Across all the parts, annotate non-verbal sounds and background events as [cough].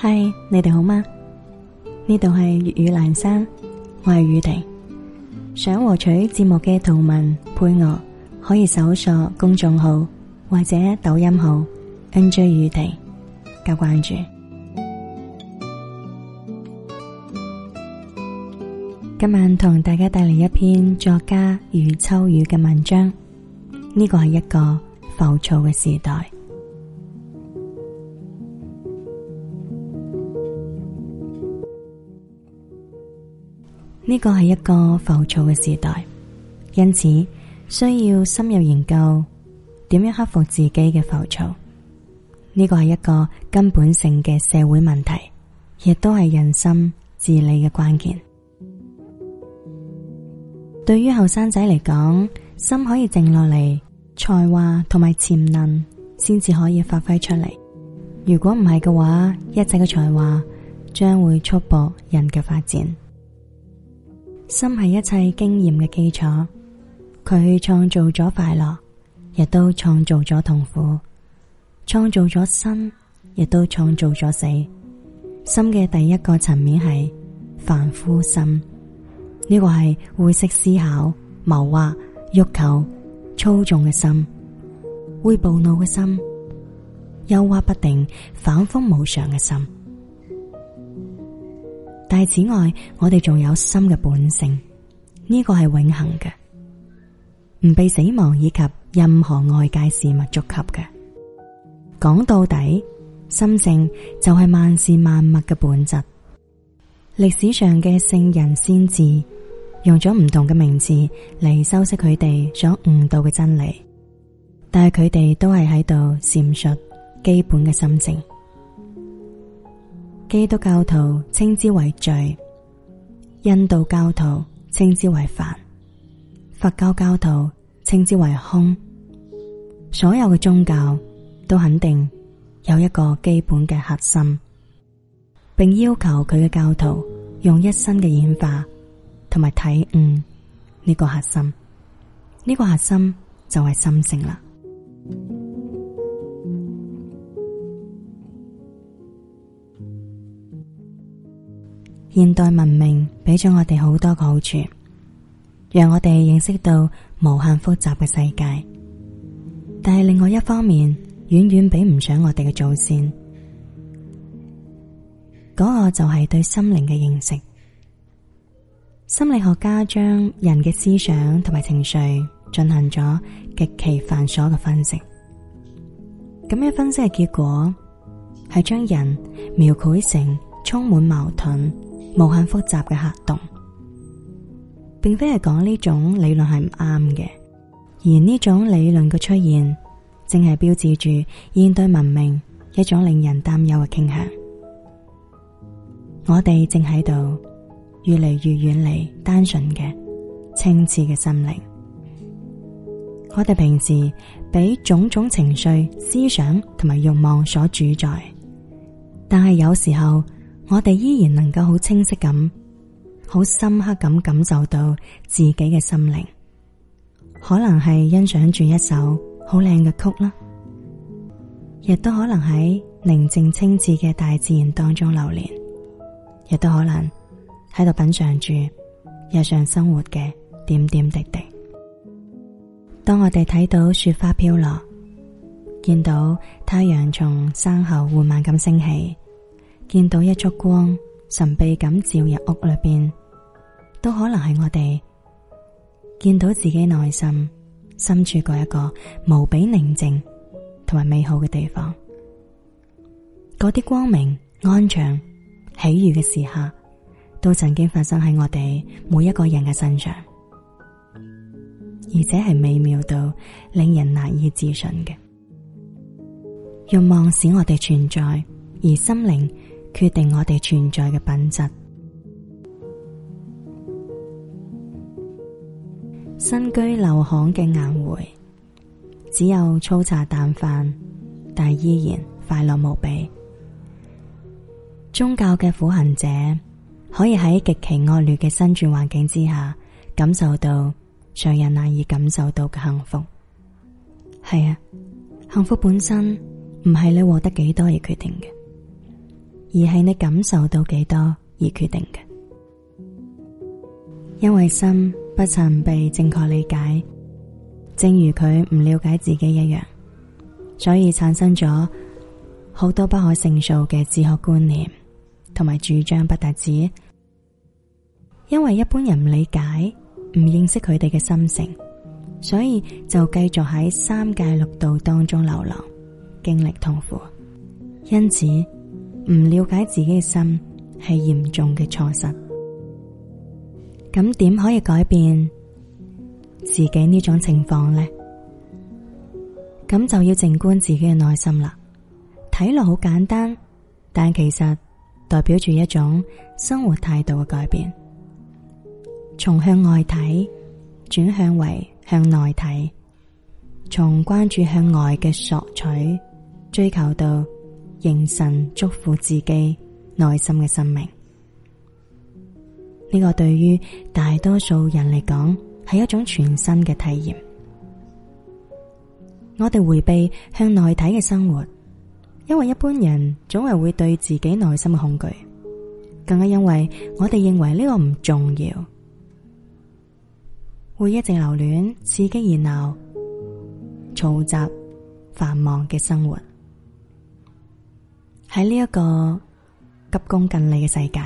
嗨，Hi, 你哋好嗎？呢度係粵語闌珊，我係雨婷。想獲取節目嘅圖文配樂，可以搜索公眾號或者抖音號 N J 雨婷。加關注。今晚同大家帶嚟一篇作家余秋雨嘅文章。呢個係一個浮躁嘅時代。呢個係一個浮躁嘅時代，因此需要深入研究點樣克服自己嘅浮躁。呢個係一個根本性嘅社會問題，亦都係人心治理嘅關鍵。 [music] 對於後生仔嚟講，心可以靜落嚟，才華同埋潛能先至可以發揮出嚟。如果唔係嘅話，一切嘅才華將會束縛人嘅發展。心係一切經驗嘅基礎，佢創造咗快樂，亦都創造咗痛苦，創造咗生，亦都創造咗死。心嘅第一個層面係凡夫心，呢、這個係會識思考、謀劃、欲求、操縱嘅心，會暴怒嘅心，憂鬱不定、反覆無常嘅心。但係，此外，我哋仲有心嘅本性，呢個係永恒嘅，唔被死亡以及任何外界事物觸及嘅。講到底，心性就係萬事萬物嘅本質。歷史上嘅聖人先哲用咗唔同嘅名字嚟修飾佢哋所悟到嘅真理，但係佢哋都係喺度闡述基本嘅心性。基督教徒稱之為罪，印度教徒稱之為梵，佛教教徒稱之為空。所有嘅宗教都肯定有一個基本嘅核心，並要求佢嘅教徒用一生嘅演化，同埋體悟呢個核心。呢、這個核心就係心性啦。現代文明俾咗我哋好多個好處，讓我哋認識到無限複雜嘅世界。但係另外一方面，遠遠比唔上我哋嘅祖先。嗰個就係對心靈嘅認識。心理學家將人嘅思想同埋情緒進行咗極其繁瑣嘅分析。咁樣分析嘅結果，係將人描繪成充滿矛盾。無限複雜嘅黑洞，並非係講呢種理論係唔啱嘅，而呢種理論嘅出現，正係標誌住現代文明一種令人擔憂嘅傾向。我哋正喺度越嚟越遠離單純嘅、清澈嘅心靈。我哋平時俾種種情緒、思想同埋欲望所主宰，但係有時候，我哋依然能夠好清晰咁、好深刻咁感受到自己嘅心靈，可能係欣賞住一首好靚嘅曲啦，亦都可能喺寧靜清致嘅大自然當中流連，亦都可能喺度品嘗住日常生活嘅點點滴滴。當我哋睇到雪花飄落，見到太陽從山後緩慢咁升起。見到一束光，神秘咁照入屋裏邊，都可能係我哋見到自己內心深處嗰一個無比寧靜同埋美好嘅地方。嗰啲光明、安詳、喜悦嘅時刻，都曾經發生喺我哋每一個人嘅身上，而且係美妙到令人難以置信嘅。欲望使我哋存在，而心靈。決定我哋存在嘅品質。身居陋巷嘅顏回，只有粗茶淡飯，但依然快樂無比。宗教嘅苦行者可以喺極其惡劣嘅生存環境之下，感受到常人難以感受到嘅幸福。係啊，幸福本身唔係你獲得幾多而決定嘅。而係你感受到幾多而決定嘅，因為心不曾被正確理解，正如佢唔了解自己一樣，所以產生咗好多不可勝數嘅哲學觀念，同埋主張不達止。因為一般人唔理解、唔認識佢哋嘅心性，所以就繼續喺三界六道當中流浪，經歷痛苦。因此。唔了解自己嘅心係嚴重嘅錯失，咁點可以改變自己呢種情況呢？咁就要靜觀自己嘅內心啦。睇落好簡單，但其實代表住一種生活態度嘅改變，從向外睇，轉向為向內睇，從關注向外嘅索取，追求到。凝神祝福自己內心嘅生命，呢個對於大多數人嚟講係一種全新嘅體驗。我哋回避向內睇嘅生活，因為一般人總係會對自己內心嘅恐懼，更加因為我哋認為呢個唔重要，會一直留戀刺激熱鬧、嘈雜、繁忙嘅生活。喺呢一個急功近利嘅世界，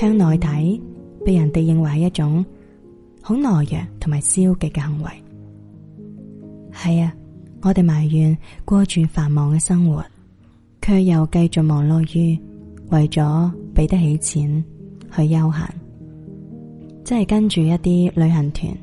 向內睇，被人哋認為係一種好懦弱同埋消極嘅行為。係啊，我哋埋怨過住繁忙嘅生活，卻又繼續忙碌於為咗俾得起錢去休閒，即係跟住一啲旅行團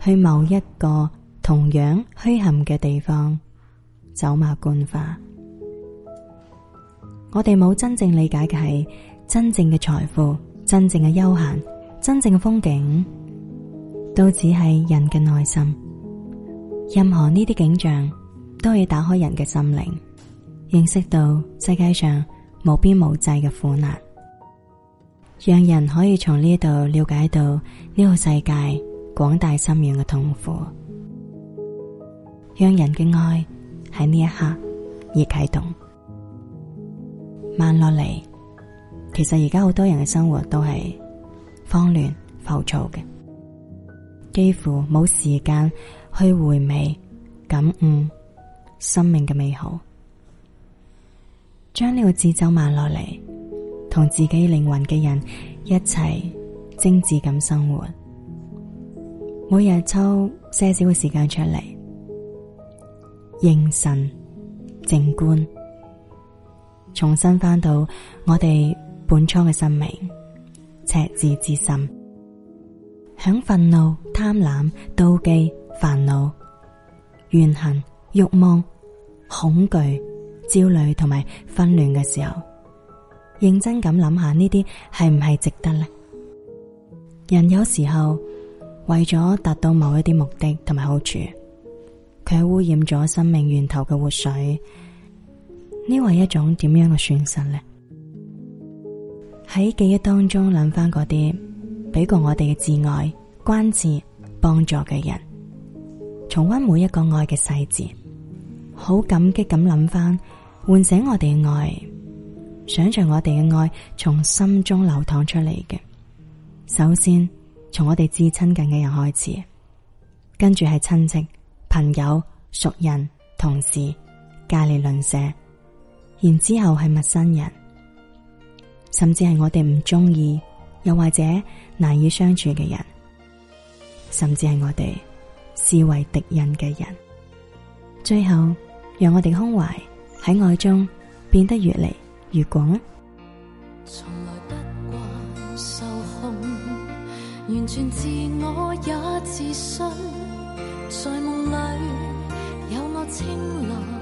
去某一個同樣虛陷嘅地方走馬觀花。我哋冇真正理解嘅，係真正嘅財富、真正嘅悠閒、真正嘅風景，都只係人嘅內心。任何呢啲景象都可以打開人嘅心靈，認識到世界上無邊無際嘅苦難，讓人可以從呢度了解到呢個世界廣大深遠嘅痛苦，讓人嘅愛喺呢一刻而啟動。慢落嚟，其實而家好多人嘅生活都係慌亂浮躁嘅，幾乎冇時間去回味、感悟生命嘅美好。將呢個節奏慢落嚟，同自己靈魂嘅人一齊精致咁生活，每日抽些少嘅時間出嚟，應神靜觀。重新翻到我哋本初嘅生命、赤子之心。響憤怒、貪婪、妒忌、煩惱、怨恨、慾望、恐懼、焦慮同埋混亂嘅時候，認真咁諗下呢啲係唔係值得咧？人有時候為咗達到某一啲目的同埋好處，佢污染咗生命源頭嘅活水。呢係一種點樣嘅選擇咧？喺記憶當中諗翻嗰啲俾過我哋嘅摯愛、關注、幫助嘅人，重溫每一個愛嘅細節，好感激咁諗翻，喚醒我哋嘅愛，想象我哋嘅愛從心中流淌出嚟嘅。首先從我哋至親近嘅人開始，跟住係親戚、朋友、熟人、同事、隔籬鄰舍。然之後係陌生人，甚至係我哋唔中意，又或者難以相處嘅人，甚至係我哋視為敵人嘅人。最後，讓我哋胸懷喺愛中變得越嚟越廣。從來不慣受控，完全自我也自信，在夢裏有我清冷。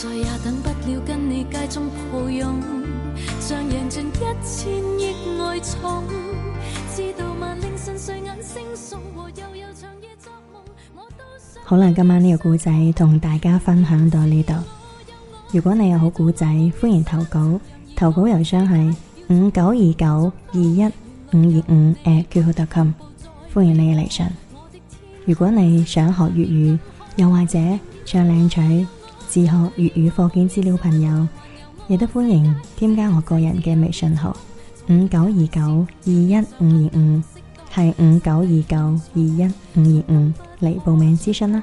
再也等不到跟你街中抱擁，像贏盡一千億愛寵。好啦，今晚呢個故仔同大家分享到呢度。如果你有好故仔，歡迎投稿。投稿郵箱係五九二九二一五二五。誒，括號特琴，歡迎你嘅嚟信。如果你想學粵語，又或者唱靚仔。自學粵語課件資料，朋友亦都歡迎添加我個人嘅微信號五九二九二一五二五，係五九二九二一五二五嚟報名諮詢啦。